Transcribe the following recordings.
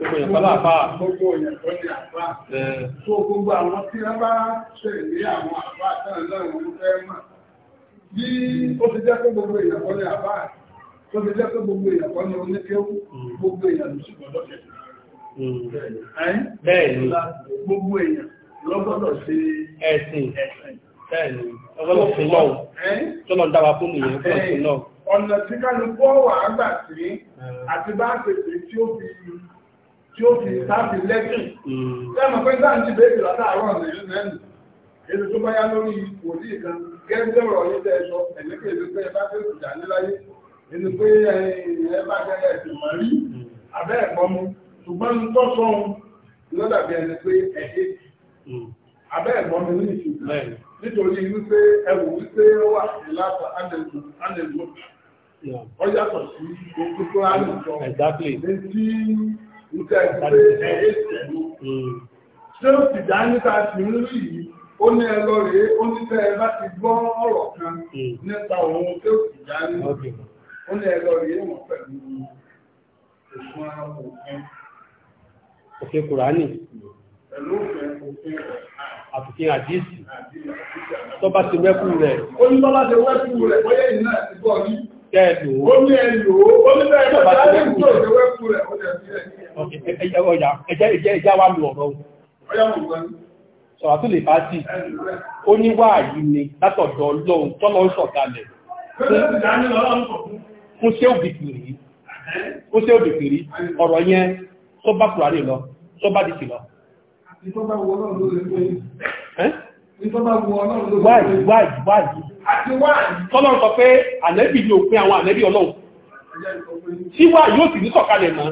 Gbogbo ìyẹn pàlá ní àpá. So gbogbo àwọn tí mọ̀. Bí ó ti jẹ́ pé gbogbo ìyẹn kọ́ ní àpá, tó ti jẹ́ pé gbogbo Bẹ́ẹ̀ni. Hmm. Gbogbo ìyẹn lọ́gbọ́dọ̀ sí ẹ̀sìn. Bẹ́ẹ̀ni. Ọgbọ́dọ̀ sí lọ́wọ́. Tọ́lọ̀ ń dáwà fún ìyẹn, ọgbọ́dọ̀ sí lọ́wọ́. Ọ̀nà tí kálukú ọ̀wà àgbà sí tí ó fi sáàfì lẹ́sìn lẹ́mọ̀ mm. pé sáà ń ti bèèrè látàárọ̀ nìyí lẹ́nu èdè tó bá yá lórí wòlíì kan gẹ́gẹ́ ọ̀rọ̀ yìí tẹ́ẹ̀sọ ẹ̀lẹ́kẹ́ èdè pé ẹ bá fẹ́ ìjà níláyé pé mm. ní ìṣùgbọ́n nǹkan ìgbé ẹ̀yẹ́ ìṣẹ̀lú. ṣé ó ti dá níta sí ń rí yìí ó ní ẹ lọ rèé ó ní tẹ́ ẹ bá ti gbọ́ ọ̀rọ̀ kan nípa òun tó ti dá ní ó ní ẹ lọ rèé wọ́n pẹ̀lú òfin òfin. òfin kùránì. pẹ̀lú òfin òfin àtòfin àdíìsì tó ti wẹ́kù rẹ̀ kẹ́ẹ̀lò ó ní ẹ̀lò ó ní bẹ́ẹ̀ bá ti lè kú ìjọwẹ́kú rẹ̀ ó jẹ́ sí ẹ̀já wá lù ọ̀rọ̀ sọ̀rọ̀ tó lè bá sí ó ní wà yìí ni látọ̀dọ̀ ọlọ́run tọ́lọ́ sọ̀kalẹ̀ fún ṣé òbìkìrí fún ṣé òbìkìrí ọ̀rọ̀ yẹn tó bá kùrà lè lọ tó bá dìkì lọ wáyìí wáyìí wáyìí tọ́lọ́ sọ pé ànẹ́bì ni òpin àwọn ànẹ́bì ọlọ́run tí wá yóò sì ní sọ̀kalẹ̀ mọ́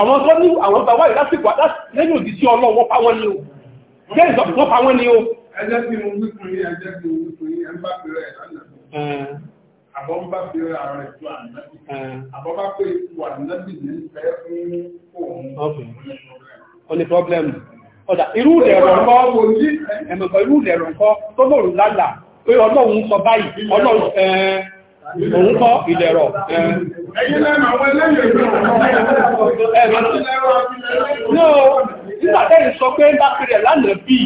àwọn tó ní àwọn bá wáyìí lásìkò lẹ́yìn òdì sí ọlọ́run wọ́n pa wọ́n ní o jẹ́ ìsọ̀kùn wọ́n pa wọ́n ní o. ẹjẹ́ tí mo wípin ẹjẹ́ tí mo wípin ẹ ń bá bẹ̀rẹ̀ ẹ̀ lánàá àbọ̀ ń bá bẹ̀rẹ̀ ààrẹ ju ànábì àbọ̀ bá pé ipò ànábì ní ń fẹ́ fún òun. ó ní pọ́blẹ́mù ọ̀dà irú ìrẹ̀rọ̀ ǹkọ́ tó lòrùn lálà pé ọlọ́run sọ báyìí ọlọ́run òun kọ́ ìdẹ̀rọ̀ Nígbàtẹ́ ìsọ pé ń bá kiri ẹ̀ lánàá bí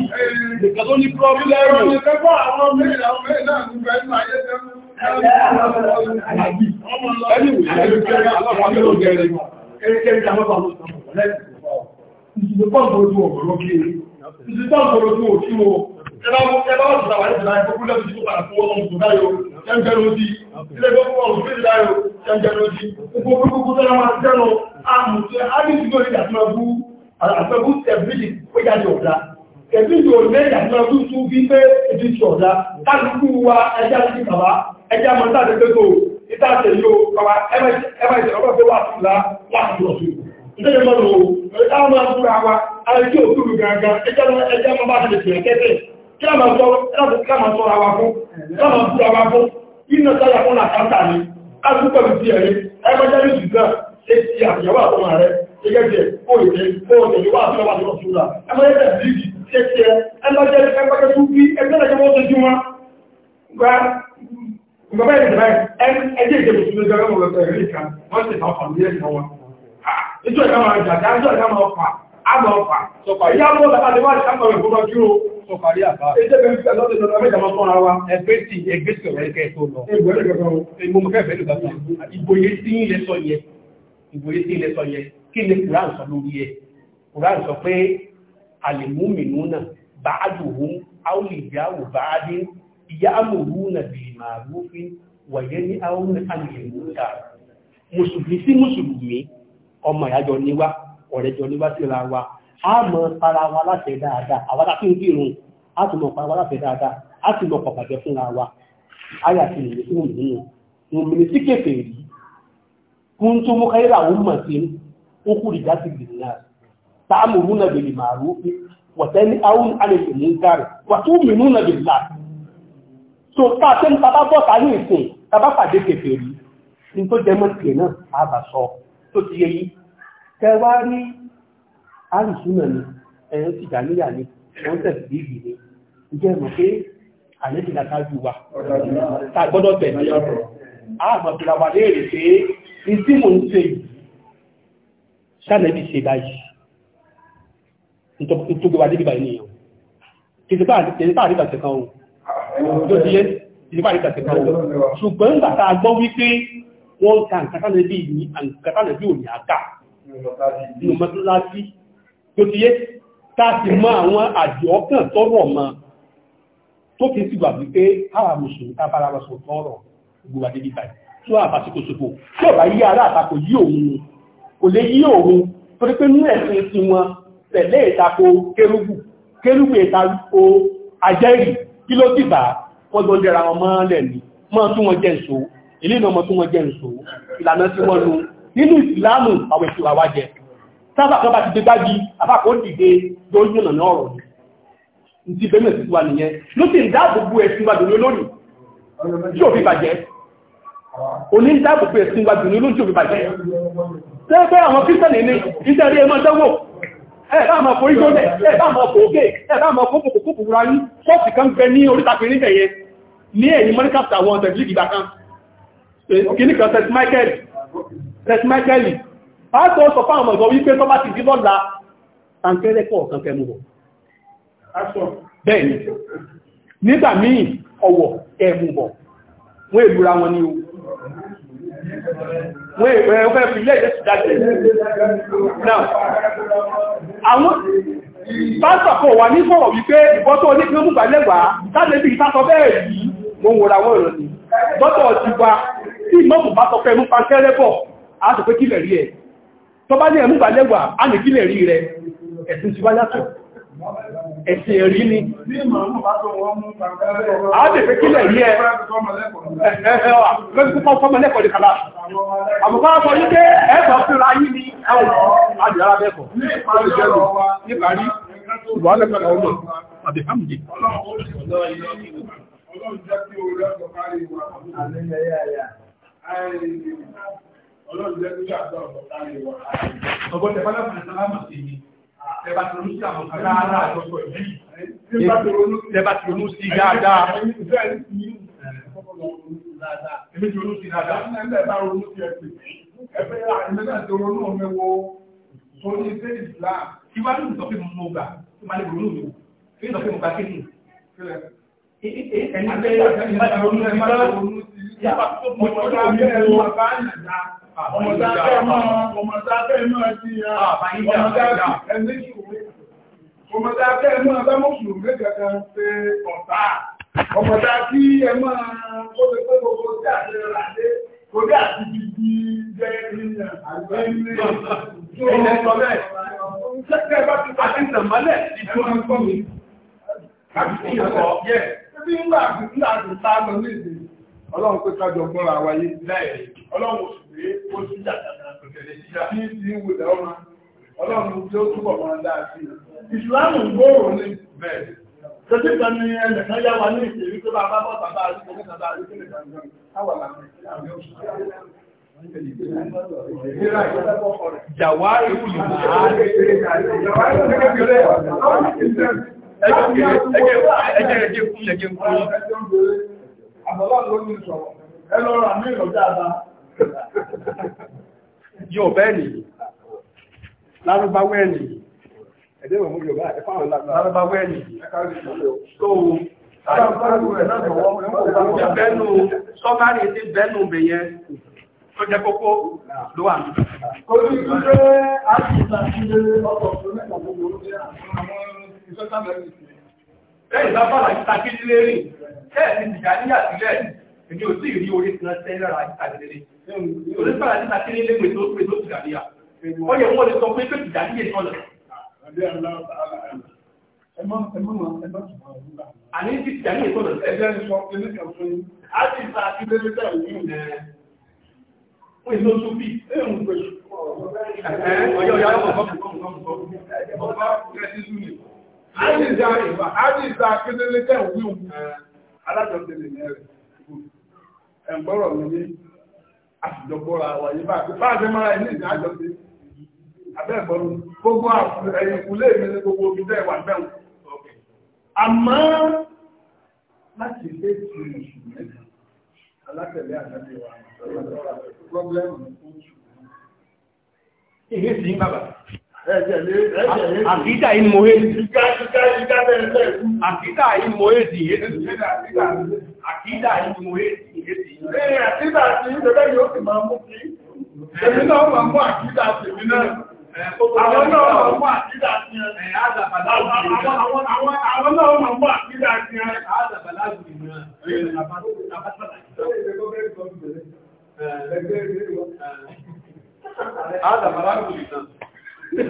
nìkan tó ní pọ́blẹ́rù. Ẹni wùí, ẹni kẹrẹ alọ́pàá mẹ́rin gẹ̀rẹ̀. Ẹni kẹrẹ alọ́pàá mẹ́rin gẹ̀rẹ̀ ìsìnkú pọ́ǹpọ̀ ojú ọ̀pọ̀ lókè ìsìnkú pọ́ǹpọ̀ ojú òkú o ẹbá wọ́n ti sàwárí ìsìnkú àkókò lẹ́bí sí pàdà fún ọmọ òṣù dáyò ṣẹ́ǹjẹ́ lójí ilé gbogbo ọmọ òṣù dáyò ṣẹ́ǹjẹ́ lójí gbogbo gbogbo tẹ́lá máa jẹ́nu àmùsẹ́ ábìsìnkú orí àtúnabú àtúnabú tẹ̀bílì ó jáde ọ̀dá tẹ̀bílì ò lé àtúnabú tún bí pé èdè ti ọ̀dá kálukú wa ẹjá sí bàbá ẹjá mọ́tà tẹ́tẹ́ tó ìtàtẹ̀ yóò kọ́wa ẹgbẹ́ ìṣẹ̀lọ́gbẹ́ wà fún la wà fún ọ̀sùn ìtẹ́jẹ́ mọ́rọ̀ ohun ẹ̀ká máa fúra wa àìkí òkúrù gàgà ẹjá máa bá ṣe lè fìyà kẹ́kẹ́ kí a máa sọ́ra wa fún ká máa fúra wa fún iná sáyà fún àkántà ni a tún pẹ̀lú sí ẹ̀rí ẹgbẹ́jẹ́ ní ṣùgbọ́n ṣe ti àfìyàwó àtọmọ rẹ gẹ́gẹ́ bí ẹ̀ kó ìdẹ́ kó ìdẹ́ wà tí wọ́n bá ti lọ sùúrà ẹgbẹ́jẹ́ bí ṣe ti ẹ ẹgbẹ́jẹ́ ẹgbẹ́jẹ́ tún bí ẹgbẹ́jẹ́ kí wọ́n ṣe jú wọn gba ìgbàbá ìdìbà ẹgbẹ́jẹ́ ìdìbò sí lójú ọgbọ̀n lọ́tọ̀ ẹ̀rí kan wọ́n sì fà fà ní ẹ̀kọ́ wọn níjọ́ ìkà máa jàdá níjọ́ ìkà máa fà á máa fà sọ̀pà ìyá mọ́ lábá lè wá ìṣàmọ̀ rẹ̀ gbọ́dọ̀ kí o sọ̀pà rí àbá ẹjẹ́ bẹ̀rẹ̀ sí àlọ́dẹ̀ lọ́dọ̀ mẹ́ta máa tọ́ra wa ẹgbẹ́ sí ẹgbẹ́ sí ọ̀rẹ́ kẹ́ tó lọ ìgbòye sí ilẹ̀ sọ yẹ ìgbòye sí ilẹ̀ sọ yẹ kí ni Quran sọ lórí ẹ Quran ọmọ ìyájọ níwá ọ̀rẹ́jọ níwá síra wa a mọ̀ para wa láṣẹ dáadáa àwọn aláfẹ́ ń kírun a sì mọ̀ para wa láṣẹ dáadáa a sì mọ̀ pàpàjẹ́ fúnra wa ayà ti nìyí fún mi nínú òmìnir sí kẹfẹ́ rí kún tó mú káyìrà òun mọ̀ sí ó kúrì já sí gbìyànjú náà táàmù rú náà bèèrè màrú wọ̀tẹ́ ní àwọn àlejò mú gàrẹ̀ wàtú mìínú náà bèèrè láà so tá a tẹ́ ní tabá bọ́ta ní ìsìn tabá pàdé kẹfẹ́ rí ní tó jẹ́ mọ́ tiẹ̀ náà á sọ tó ti yẹ yìí kẹwa rí alùsùnà ni ẹ̀yìn ti dàníyà ni wọ́n tẹ̀sí bíbí ni ǹjẹ́ mọ̀ pé àyẹ́ ti dàkà jù wa ta gbọ́dọ̀ tẹ̀ ní ọ̀rọ̀ àmọ̀ tí la wà léèrè pé ní tí mò ń ṣe yìí sánẹ́bí ṣe báyìí tó gbé wa débi báyìí nìyẹn kì í bá àríkà tẹ̀kan ohun gbọ́ wípé wọ́n ka nkàtàlà bí ní nkàtàlà bí òní àká nùmọ̀tíláàtí tó ti yé káàkì mọ́ àwọn àjọ ọkàn tọ́rọ ọmọ tó fi sí gbàgbé pé àwọn mùsùlùmí ká bára wọn sọ̀tọ́ ọ̀rọ̀ gbogbo àdébí báyìí tó àbásíkò sòfò tí ọ̀bá yí ara àtakò yí òun kò lè yí òun torí pé nú ẹ̀sìn sí wọn tẹ̀lé ìtako kérúbù kérúbù ìtako ajẹ́rì kí ló dìbà wọ́n gbọ́n jẹra wọn mọ́ lẹ́nu mọ́ tún wọn jẹ́ ìṣòwò ilé ìnà ọmọ tó wọ́n jẹ́ ìṣòwò ìlànà tí wọ́n lò nínú ìsìláàmù àwọn ìṣòwò àwájẹ sábà kan bá ti dé gbájí àbákò dìde lóyún ọ̀nà ọ̀rọ̀ ní ti bẹ́ẹ̀ sí wa nìyẹn ló sì ń dáàbòbò ẹ̀sìn wa dùnú lónìí yóò fi bàjẹ́ òní ń dáàbòbò ẹ̀sìn wa dùnú lónìí yóò fi bàjẹ́ tẹ́ẹ̀fẹ́ àwọn kírísítẹ̀nì ní ìtẹ́rí ẹmọ dánwò ẹ̀bá àmọ́ kò ìjọ́ lẹ̀ ẹ̀bá àmọ́ kò òkè ẹ̀bá ṣọ́ọ̀tì kan bẹ ní oríta pẹ̀lú ìbẹ̀yẹ ní ẹ̀yìn mọ́níkàtà àwọn ọ̀tẹ̀jú ìgbà kan òkìní eh, kan St. Michael St. Michael a tó sọ fáwọn ọmọ ìgbọ̀ wípé tó bá ti di lọ́la tàǹkẹ́rẹ́ pọ̀ kan kẹmù wọ̀ bẹ́ẹ̀ni nígbà míì ọwọ̀ ẹ̀mù bọ̀ wọ́n èlúra wọn ni o wọ́n ẹ̀fẹ́ fi ilé ìdẹ́sù dájẹ̀ náà àwọn pásọ̀kọ̀ wà ní fọ̀rọ̀ wípé ìbọ́ tó ní pé mú gbà lẹ́gbàá tàbí ìtàkọ̀ bẹ́ẹ̀ yìí wọ́n wòrà wọ́n ìrọ̀ ni dọ́tọ̀ ti gba tí ìmọ́mù bá sọ pé mú pankẹ́rẹ́ bọ̀ á sọ pé kílẹ̀ rí ẹ̀ tó bá ní ẹ̀mú bà lẹ́wà á ní kílẹ̀ rí rẹ̀ ẹ̀sìn ti wá yàtọ̀ ẹ̀sìn ẹ̀rí ni á lè fẹ́ kílẹ̀ rí ẹ̀ lọ́gbẹ́kọ́ fọ́mọlẹ́kọ̀ọ́ ní kàlá àbùkọ́ sọ yí pé ẹ̀fọ́ fúnra yí ni àwọn àjọyọ̀ abẹ́kọ̀ọ́ níparí ìwà lẹ́kọ̀ọ́ ọlọ́ àbẹ̀hámdì Ọlọ́run jẹ́ kí orí ọ̀sọ̀ kárí wa. Ọlọ́run jẹ́ kí àgbà ọ̀pọ̀ kárí wà. Ọgbọ́n tẹ̀fọ́lá fún ìsálámà sí ni. Ẹ̀bá ti ronú sí àwọn kan lára àjọpọ̀ yìí. Ẹ̀bá ti ronú sí dáadáa. Èmi ti ronú sí dáadáa. Ẹ̀bá ronú sí ẹ̀sìn. Ẹ̀fẹ́ àìmẹ́ta ti ronú ọmọ ẹwọ́ orí ṣé ìsìlá. Ìwádìí ìtọ́fẹ́ mú mú gbà. Ó máa lè ronú mi. Ìtọ́fẹ́ mú gbà kéde. Ọmọdá kẹ́ ẹ máa bá mọ́sùlùmí kankan ṣe ọ̀tá. Ọmọdá kí ẹ máa kó lè pé gbogbo tí àti ẹ̀rà dé, kò dé àti bíbí jẹ́ ènìyàn àgbẹ́ ilé. Ẹ̀yẹ́ sọ bẹ́ẹ̀. Ṣé kẹ́ bá ti pàṣẹ ìtàmọ́lẹ̀ ìfún ọkọ̀ mi? Kàbí sí ìyàtọ̀ yẹ́. tí ń gbà àti láti sá lọ ọlọ́run pé kájọ ọlọ́run oṣù pé ó sí ti ń wùlẹ̀ ọmọ ọlọ́run tí ó túbọ̀ máa dáa sí ìsìláàmù gbòòrò ní bẹ́ẹ̀ ẹjẹ́ fún ẹjẹ́ fún ẹlọ́rọ̀ àmì ìrọ̀já àbá yóò bẹ́ẹ̀ nìyí lárúbáwẹ́ nìyí ẹ̀dẹ́ ìwọ̀n mú yóò bá ẹ̀fà àwọn lárúbáwẹ́ nìyí tó bẹ́ẹ̀nù sọ́márì ti bẹ́ẹ̀nù bẹ̀yẹn tó jẹ́ kókó ló wà ní. Orí ìgbẹ́ àti ìtàkìlẹ̀ ọkọ̀ tó mẹ́ta gbogbo orí àwọn ìjọba mẹ́rin lẹ́yìn bá bàlá ìta kéjì lérí kẹ́ẹ̀sì ìjà níyà sílẹ̀ èmi ò sí ìrí orí tí wọ́n tẹ́ lára ìta kéjì lérí orí bàlá ìta kéjì lérí pé tó pé tó tìjà níyà Àdìsá ìfà, àdìsá kíndélé tẹ́ òwú òwú. Alájọ́tẹ̀lẹ̀ ní ẹ̀rẹ̀. Ẹ̀gbọ́rọ̀ mi ní àtìjọpọ̀ra wà yí bá àti fáàdé mára ẹni ìdí àjọpẹ̀. Abẹ́ẹ̀gbọ́rọ̀ gbogbo ẹ̀yìn ìkúlé mi ní gbogbo omi tẹ́ wà bẹ́ẹ̀ Àmọ́ láti ilé ti oṣù mẹ́ta, alátẹ̀lé àtàlẹ́ wa, pọ́blẹ́mù ní oṣù. Ìhé sí ń bàbà. Àkídà in mo hé. Àkídà in mo hé ti hé ti. Àkídà in mo hé ti hé ti. Àkídà ti ń bẹ̀rẹ̀ yóò ti máa mú kí. Èmi náà máa mú àkídà tèmi náà. Àwọn náà máa mú àkídà ti ẹ. Àwọn náà máa mú àkídà ti ẹ. Àdàbàlágùn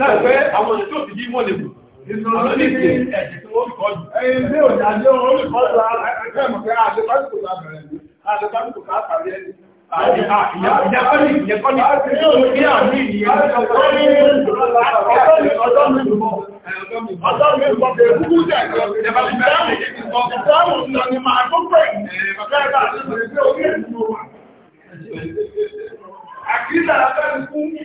láì pé àwọn ètò ti jí mọ́lẹ̀ bù. Àwọn ní ìpè ẹ̀jẹ̀ tí wọ́n kọ́ jù. Ẹyin ilé òjà ní ọ̀rọ̀ olùkọ́jú àgbẹ̀fẹ́ mọ̀ pé àdébáṣepọ̀ lábẹ̀rẹ̀ ni. Àdébáṣepọ̀ látàrí ẹni. Ìyàkọ́ ní ìyẹ̀kọ́ ní àmì ìyẹn. Ọjọ́ mi ọjọ́ mi lùmọ̀. Ọjọ́ mi lùmọ̀ bẹ̀rẹ̀ kúkú jẹ́ ìjọba. Ìjọba ti bẹ̀rẹ̀ mi. Ìjọba ti bẹ̀rẹ̀ mi. Ìjọba ti bẹ̀rẹ̀ mi. Ìjọba ti bẹ̀rẹ̀ mi. Ìjọba ti bẹ̀rẹ̀ mi.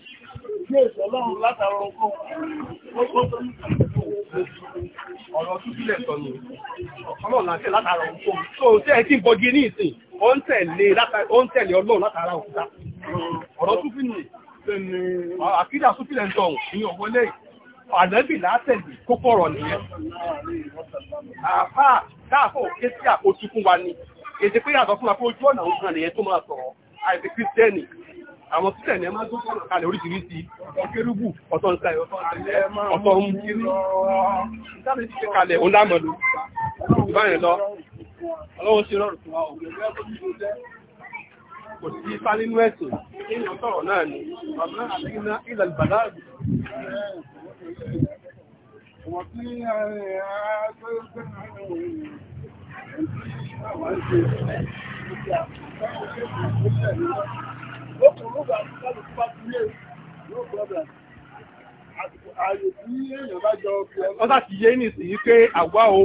kí èsì ọlọ́run látàrọ sọ ni ọlọ́run láti látàrọ ọkọ̀ tó tẹ́ ẹ tí ń ní ìsìn ó ń tẹ̀lé ọlọ́run látàrà òkúta ọ̀rọ̀ túbílẹ̀ àkídà túbílẹ̀ ń tọ̀hún nìyẹn àfà káàkó ké sí àkótú fún wa ni èdè pé yàtọ̀ fún wa ọ̀nà òun kan nìyẹn tó máa sọ̀rọ̀ àìsí kírísítẹ́nì àwọn títẹ̀ ní ẹmá tó kọ́ kalẹ̀ oríṣiríṣi ọkẹ́rúgbù ọ̀tọ̀ ǹsàì ọ̀tọ̀ ń kiri ìtàlẹ̀ ti ṣe kalẹ̀ ọ̀dàmọ̀lú ìbáyẹn lọ ọlọ́wọ́ ṣe rọrùn fún wa kò sí ipá nínú ẹ̀sìn èèyàn sọ̀rọ̀ náà ni bàbá àti iná ilẹ̀ ìbàdàgbù wọ́n tí ààrẹ ààrẹ tó ń ó kò ti yé no problem pé àwa o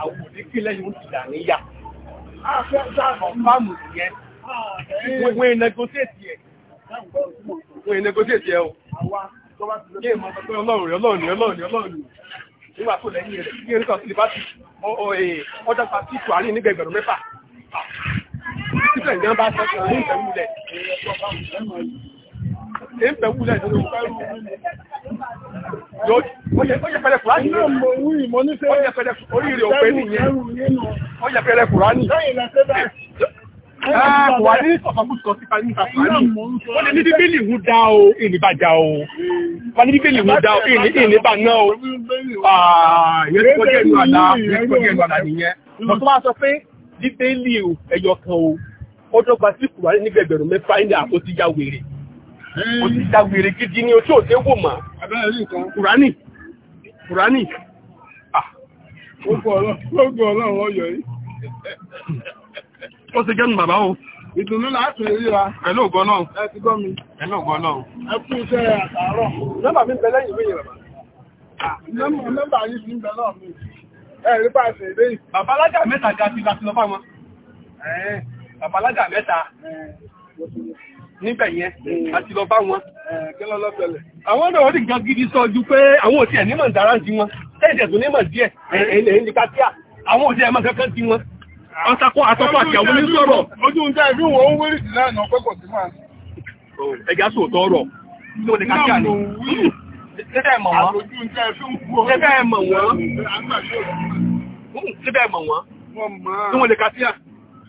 àwọn òní lẹ́yìn oṣù dàníyà. a fẹ́ yẹn. wọ́n ń negotiate yẹn. wọ́n ń negotiate yẹn o. kí èèmọ̀ sọ pé ọlọ́run rẹ̀ ọlọ́run rẹ̀ ọlọ́run rẹ̀ ọlọ́run nígbà tó lẹ́yìn rẹ̀ kí erékọ̀ọ́sì lè bá ti ọjà pàtíkù àárín nígbà ẹgbẹ̀rún mẹ́fà kàngan bá sẹ́kàn ní ìfẹ̀wúlẹ̀ ìfẹ̀wúlẹ̀ nínú Ọjẹ́ pẹ̀lẹ̀ Kùránì oríire òpé nìyẹn. Ọjẹ́ pẹ̀lẹ̀ Kùránì. Ààbò àní ọ̀fàkúsọ̀ sí Kàní Kàní. Wọ́n lè ní bíbélì ń dá o, èlì bá já o. Wọ́n ní bíbélì ń dá o, èlì bá ná o. Ààyẹ́ tí wọ́n jẹ́ ìlú àlá, ìyẹ́ tí wọ́n jẹ́ ìlú àlá nìyẹn. Lọ́tọ́ bá sọ pé bíbélì ẹyọ kan o ó dọ́gba sí kùránì ní gbẹgbẹ̀rún mẹ́fà ní àpò ti ya wèrè ó ti ya wèrè gidi ní ojú òde wò mà kùránì kùránì. ogun ah. ọlọ́run ọyọ yìí. ó ti gẹ́nu bàbá o. ìdùnnú láti ríra. pẹ̀lú ògo náà. ẹ ti gbọ́ mi. pẹ̀lú ògo náà. ẹ kú iṣẹ́ àtàárọ̀. nọ́mbà mi ń bẹ lẹ́yìn ìwé yẹn bàbá. Ah, nọ́mbà yìí ti ń bẹ náà mi. ẹ rí pàṣẹ ìdéyìí. bàbá alájà mẹ́ta ga ti láti lọ bá wọn. àbálájà mẹ́ta níbẹ̀ yẹn àti lọ bá wọn àwọn náà rí nǹkan gidi sọ ju pé àwọn òsì ẹ̀ nímọ̀ ìdára wọn tẹ́ẹ̀dẹ̀ tó nímọ̀ díẹ̀ ẹ̀yìn ní kátíà àwọn òsì ẹ̀mọ́ kankan wọn ọ̀sàkọ́ àtọ́kọ́ àti àwọn onísọ̀rọ̀ ojú ń jẹ́ wọn ó wérí sí náà náà sí máa sòótọ́ ní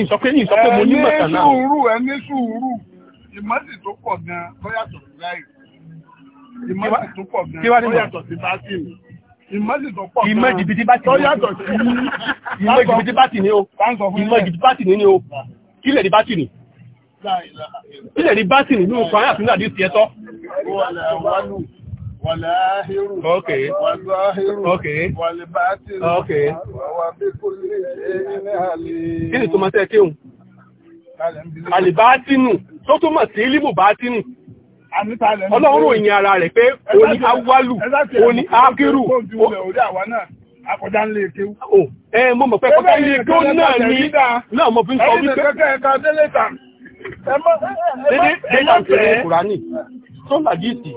ìsọ pé ìsọ mo nímọ̀ kan náà. ẹni sùúrù ẹni sùúrù ìmọ̀sí tó pọ̀ gan lọ́yàtọ̀ sí láì ìmọ̀sí tó pọ̀ gan lọ́yàtọ̀ tó pọ̀ gan ìmọ̀ jìbìtì báàtì ní ìmọ̀ jìbìtì báàtì ní o ìmọ̀ jìbìtì báàtì ní o kílẹ̀ ní báàtì ní kílẹ̀ ní báàtì ní nínú kan àti nínú àdìsí ẹ̀tọ́. wàláhírù wàláhírù wàlìbátìrù wà kí ni tó máa tẹ́ kéhùn? tó sí ọlọ́run òyìn ara rẹ̀ pé o ní awálù o ní ákírù akọ̀dánlé kéwú. ẹ mọ̀ mọ̀ pé náà ní náà mọ̀ fi ń strong àdìsí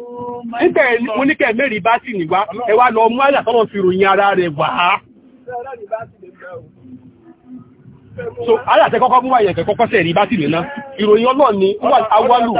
níkẹ́ mo níkẹ́ mẹ́rin bá sì níwá ẹ lọ mú fi ròyìn ara rẹ̀ waa. so ala tẹ kọ́kọ́ mú àyẹ̀kẹ́ kọ́kọ́ sẹ̀rí bá sì n'ina. ná ìròyìn ọlọ́ni wà